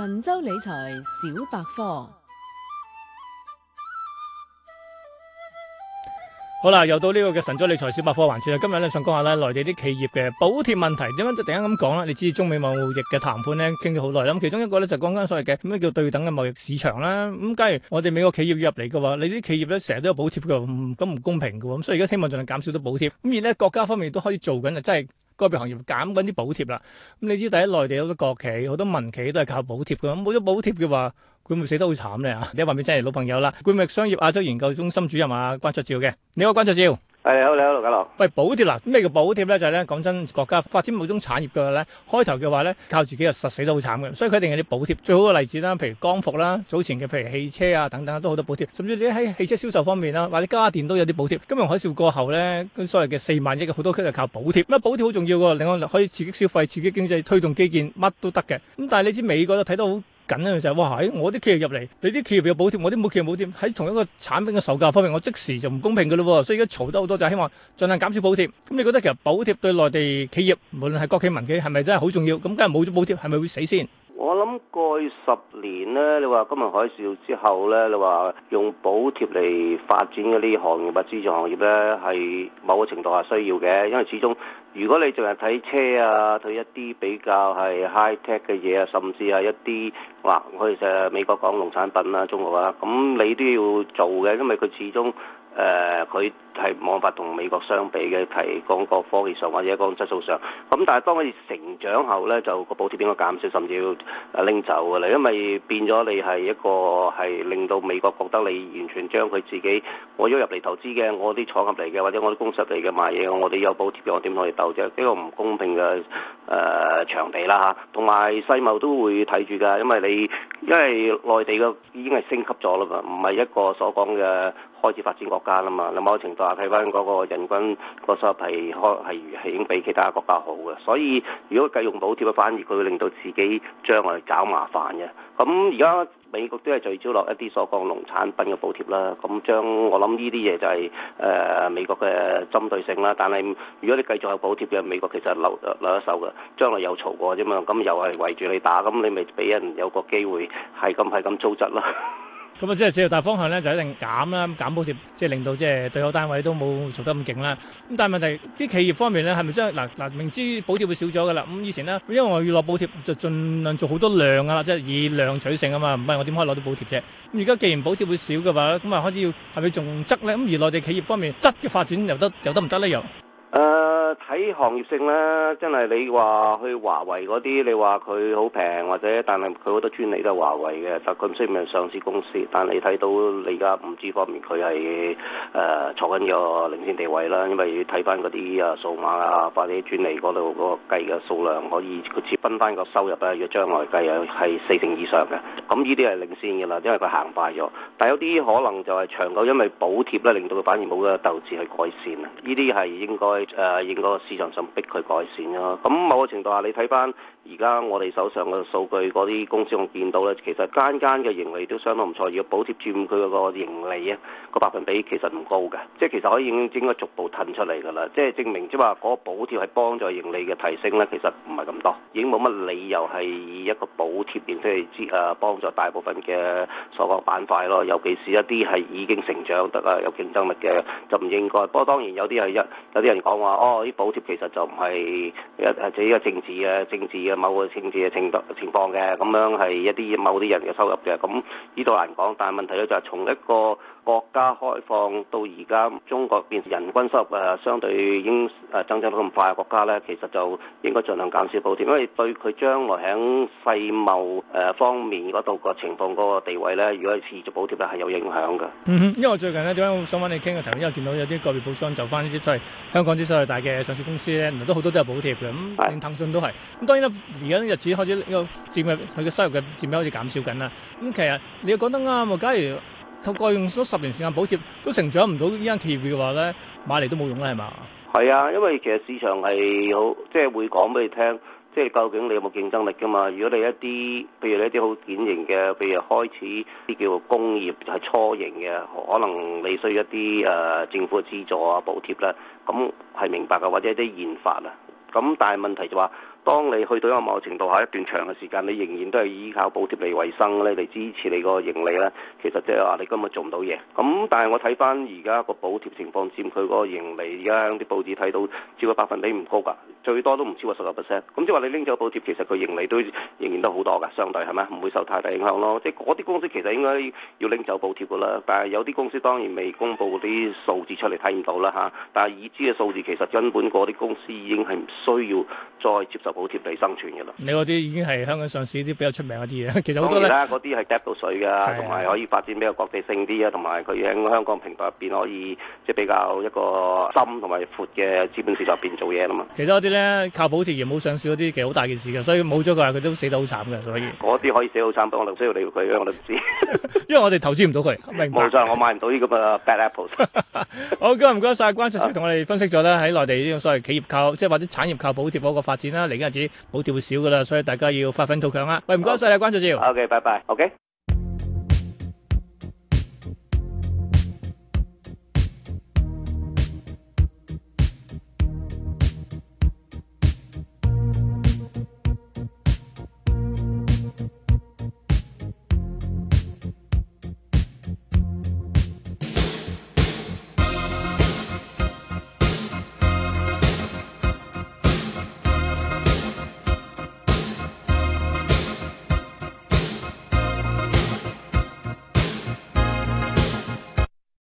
神州理財小百科，好啦，又到呢、這個嘅神州理財小百科環節啦。今日咧想講下咧內地啲企業嘅補貼問題，點樣就突然間咁講啦？你知中美貿易嘅談判咧傾咗好耐啦，咁其中一個咧就講、是、緊所謂嘅咩叫對等嘅貿易市場啦。咁假如我哋美國企業要入嚟嘅話，你啲企業咧成日都有補貼嘅，咁唔公平嘅喎。咁所以而家希望盡量減少啲補貼。咁而咧國家方面都可以做緊嘅，真係。個別行業減緊啲補貼啦，咁你知第一內地好多國企、好多民企都係靠補貼噶嘛，冇咗補貼嘅話，佢會唔會死得好慘咧嚇？你喺外真係老朋友啦，冠域商業亞洲研究中心主任啊關焯照嘅，你好關焯照。係你好，你好盧家樂。喂，補貼嗱，咩叫補貼咧？就咧、係、講真，國家發展某種產業嘅話咧，開頭嘅話咧，靠自己又實死得好慘嘅，所以佢一定有啲補貼。最好嘅例子啦，譬如光伏啦，早前嘅譬如汽車啊等等都好多補貼。甚至你喺汽車銷售方面啦，或者家電都有啲補貼。金融海嘯過後咧，所謂嘅四萬億嘅好多都就靠補貼。乜補貼好重要嘅，另外可以刺激消費、刺激經濟、推動基建，乜都得嘅。咁但係你知美國都睇到好緊咧就係哇我啲企業入嚟，你啲企業有補貼，我啲冇企業補貼，喺同一個產品嘅售價方面，我即時就唔公平噶咯喎，所以而家嘈得好多就係希望盡量減少補貼。咁你覺得其實補貼對內地企業，無論係國企、民企，係咪真係好重要？咁梗係冇咗補貼，係咪會死先？咁、嗯、過去十年呢，你話金融海嘯之後呢，你話用補貼嚟發展嗰啲行業或者資助行業呢，係某個程度係需要嘅，因為始終如果你淨係睇車啊，睇一啲比較係 high tech 嘅嘢啊，甚至係一啲話我哋成美國講農產品啦、啊、中國啦、啊，咁你都要做嘅，因為佢始終誒佢係冇法同美國相比嘅，提講個科技上或者講質素上。咁但係當佢成長後呢，就個補貼應該減少，甚至要，拎走㗎啦，因為變咗你係一個係令到美國覺得你完全將佢自己我喐入嚟投資嘅，我啲廠入嚟嘅，或者我啲公司入嚟嘅，賣嘢，我哋有補貼嘅，我點可以鬥啫？呢個唔公平嘅。誒、呃、場地啦嚇，同埋世貿都會睇住㗎，因為你因為內地嘅已經係升級咗啦嘛，唔係一個所講嘅開始發展國家啦嘛，某程度上睇翻嗰個人均個收入係開係已經比其他國家好嘅，所以如果繼續補貼反而佢會令到自己將來找麻煩嘅，咁而家。美國都係聚焦落一啲所講農產品嘅補貼啦，咁將我諗呢啲嘢就係、是、誒、呃、美國嘅針對性啦。但係如果你繼續有補貼嘅美國，其實留留一手嘅，將來有嘈過啫嘛，咁又係圍住你打，咁你咪俾人有個機會係咁係咁糟質啦。咁啊，即係主要大方向咧，就一定減啦，減補貼，即係令到即係對口單位都冇做得咁勁啦。咁但係問題啲企業方面咧，係咪真係嗱嗱明知補貼會少咗嘅啦？咁以前咧，因為我要攞補貼，就儘量做好多量啊，即係以量取勝啊嘛。唔係我點可以攞到補貼啫？咁而家既然補貼會少嘅話，咁啊開始要係咪重質咧？咁而內地企業方面質嘅發展又得又得唔得咧？又誒。睇行業性啦，真係你話去華為嗰啲，你話佢好平或者，但係佢好多專利都係華為嘅，就佢唔識唔係上市公司。但係你睇到你而家 5G 方面佢係誒坐緊個領先地位啦，因為睇翻嗰啲啊數碼啊，或者啲專利嗰度嗰個計嘅數量，可以佢設分翻個收入啊，若將來計啊，係四成以上嘅。咁呢啲係領先嘅啦，因為佢行快咗。但有啲可能就係長久，因為補貼咧，令到佢反而冇個鬥志去改善啊。呢啲係應該誒、呃個市場上逼佢改善咯、啊。咁、嗯、某個程度下，你睇翻而家我哋手上嘅數據，嗰啲公司我見到咧，其實間間嘅盈利都相當唔錯。如果補貼佔佢個盈利啊，個百分比其實唔高嘅，即係其實可以應該逐步褪出嚟噶啦。即係證明即係話嗰個補貼係幫助盈利嘅提升咧，其實唔係咁多，已經冇乜理由係以一個補貼形式嚟支啊，幫助大部分嘅所謂板塊咯。尤其是一啲係已經成長得啊有競爭力嘅，就唔應該。不過當然有啲係一有啲人講話哦。補貼其實就唔係一或者一個政治啊、政治嘅某個政治嘅程度情況嘅，咁樣係一啲某啲人嘅收入嘅，咁呢度難講。但係問題咧就係從一個國家開放到而家，中國變成人均收入啊，相對已經增長得咁快嘅國家咧，其實就應該盡量減少補貼，因為對佢將來喺世貿誒方面嗰度個情況嗰、嗰個地位咧，如果持續補貼咧係有影響㗎。嗯哼，因為我最近呢，點解想揾你傾嘅題，因為見到有啲個別補障就翻呢啲都係香港之所入大嘅，上市公司咧，原來都好多都有補貼嘅，咁是的 連騰訊都係。咁當然啦，而家啲日子開始呢個佔嘅，佢嘅收入嘅佔比開始減少緊啦。咁其實你又講得啱啊，假如透過用咗十年時間補貼都成長唔到呢間企業嘅話咧，買嚟都冇用啦，係嘛？係啊，因為其實市場係好，即係會講俾你聽。即係究竟你有冇競爭力㗎嘛？如果你一啲，譬如你一啲好典型嘅，譬如開始啲叫做工業係初型嘅，可能你需要一啲誒、呃、政府嘅資助啊、補貼啦，咁係明白嘅，或者一啲研發啊，咁但係問題就話、是。當你去到一個某程度下，一段長嘅時間，你仍然都係依靠補貼嚟維生咧，嚟支持你個盈利咧，其實即係話你今日做唔到嘢。咁但係我睇翻而家個補貼情況，佔佢嗰個盈利，而家啲報紙睇到超過百分比唔高㗎，最多都唔超過十六 percent。咁即係話你拎走補貼，其實佢盈利都仍然都好多㗎，相對係咪？唔會受太大影響咯。即係嗰啲公司其實應該要拎走補貼㗎啦，但係有啲公司當然未公布啲數字出嚟睇唔到啦嚇、啊。但係已知嘅數字其實根本嗰啲公司已經係唔需要再接受補貼嚟生存嘅咯，你嗰啲已經係香港上市啲比較出名一啲嘢，其實好多咧，嗰啲係 get 到水噶，同埋可以發展比較國際性啲啊，同埋佢喺香港平台入邊可以即係比較一個深同埋闊嘅資本市場入邊做嘢啦嘛。其實一啲咧靠補貼而冇上市嗰啲，其實好大件事嘅，所以冇咗佢，佢都死得好慘嘅。所以嗰啲可以死好慘，我哋唔需要理佢，我都唔知，因為我哋投資唔到佢。明白。冇錯，我買唔到呢個 bad apples。好，今日唔該晒。關焯照同我哋分析咗啦。喺內地呢種所謂企業靠即係或者產業靠補貼嗰個發展啦。而家子，補貼會少噶啦，所以大家要發奮圖強啦。喂 Bye.，唔該晒啦，關焯照。O K，拜拜。O K。